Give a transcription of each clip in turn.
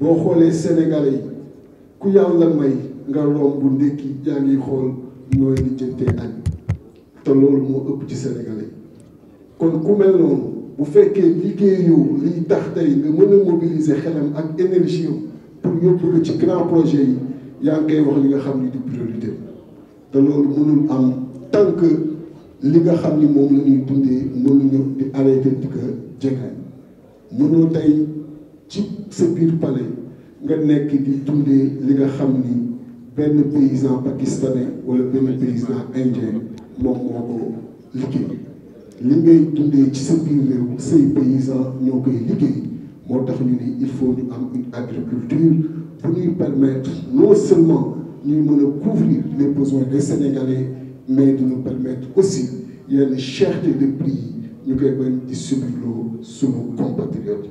boo xoolee Sénégalais yi ku yàlla may nga romb bu ndékki yaa ngi xool nooy lijjantee añ te loolu moo ëpp ci Sénégalais kon ku mel noonu bu fekkee liggéeyu liy tax tey nga mën a mobiliser xelam ak énergie pour yóbbu ko ci grand projet yi yaa ngi koy wax li nga xam ni di priorité te loolu mënul am tant que li nga xam ni moom la ñuy dundee mënuñu di arrêté di ko jege mënoo tey ci sa biir palais nga nekk di paysans pakistanais ou les paysan indien moom moo ko liggéey li ngay ci paysan il faut une agriculture pour nous permettre non seulement de couvrir les besoins des Sénégalais mais de nous permettre aussi de chercher de prix que nous koy bañ di subir compatriotes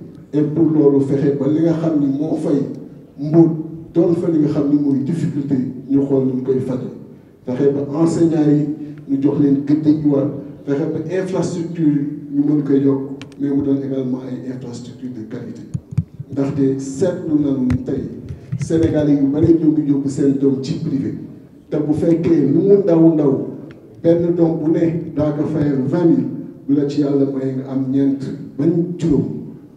et pour loolu fexe ba li nga xamni mo fay mbóot don fa li nga xamni moy difficulté ñu xol ñu koy faté fexé ba enseignants yi ñu jox leen gëdd yi war fexé ba infrastructure ñu mën koy yokk mais mu don également ay infrastructure de qualité ndaxte seetlu ñu tey sénégalais yu bari ñu ngi yóbbu seen doom ci privé te bu féké ñu mu ndaw ndaw benn doom bu né da nga fay 20000 bu la ci yalla may nga am ñent bañ juróom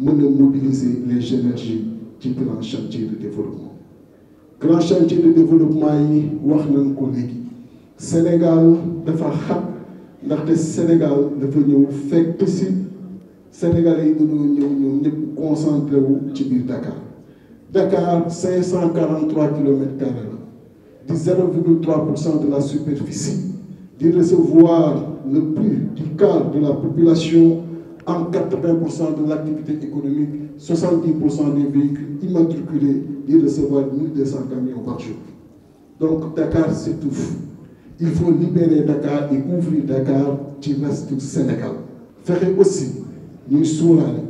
nous mobiliser les énergies du plan chantier de développement Grand chantier de développement est wax Sénégal ko le Sénégal dafa xat le Sénégal dafa ñëw fekk possible. Sénégalais le dañoo ñëw concentré Dakar Dakar 543 km2, 0,3 de la superficie de recevoir le plus du quart de la population. En 80 de l'activité économique 70 des véhicules immatriculés recevront recevoir 1200 camions par jour donc Dakar s'étouffe il faut libérer Dakar et ouvrir Dakar du reste Sénégal Faire aussi nous suuraale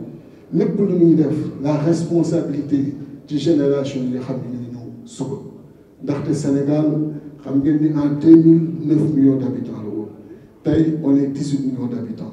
lépp lu ñuy def la responsabilité des générations les xam ne ñu ñëw le Sénégal xam ngeen ni millions d'habitants. Aujourd'hui, on est 18 millions d'habitants.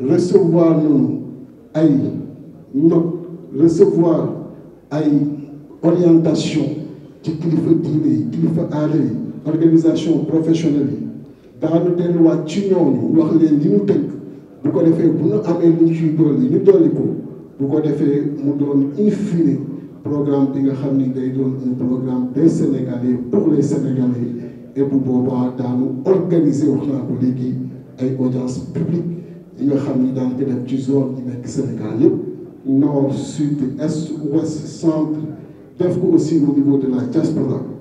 recevoir nañu ay ñok recevoir ay orientation ci kilifa diine yi kilifa aada organisation professionnelle yi daanu wa ci ñooñu wax leen li ñu tënk bu ko défé bu ñu amé lu ñu ciy ñu dolli ko bu ko défé mu doon in programme bi nga xamni day doon un programme des sénégalais pour les sénégalais et bu boobaa daanu organiser wax naa ko ay audience publique il y a ni daan ko def ci zone yi nekk Sénégal nord sud est ouest centre def aussi au niveau de la diaspora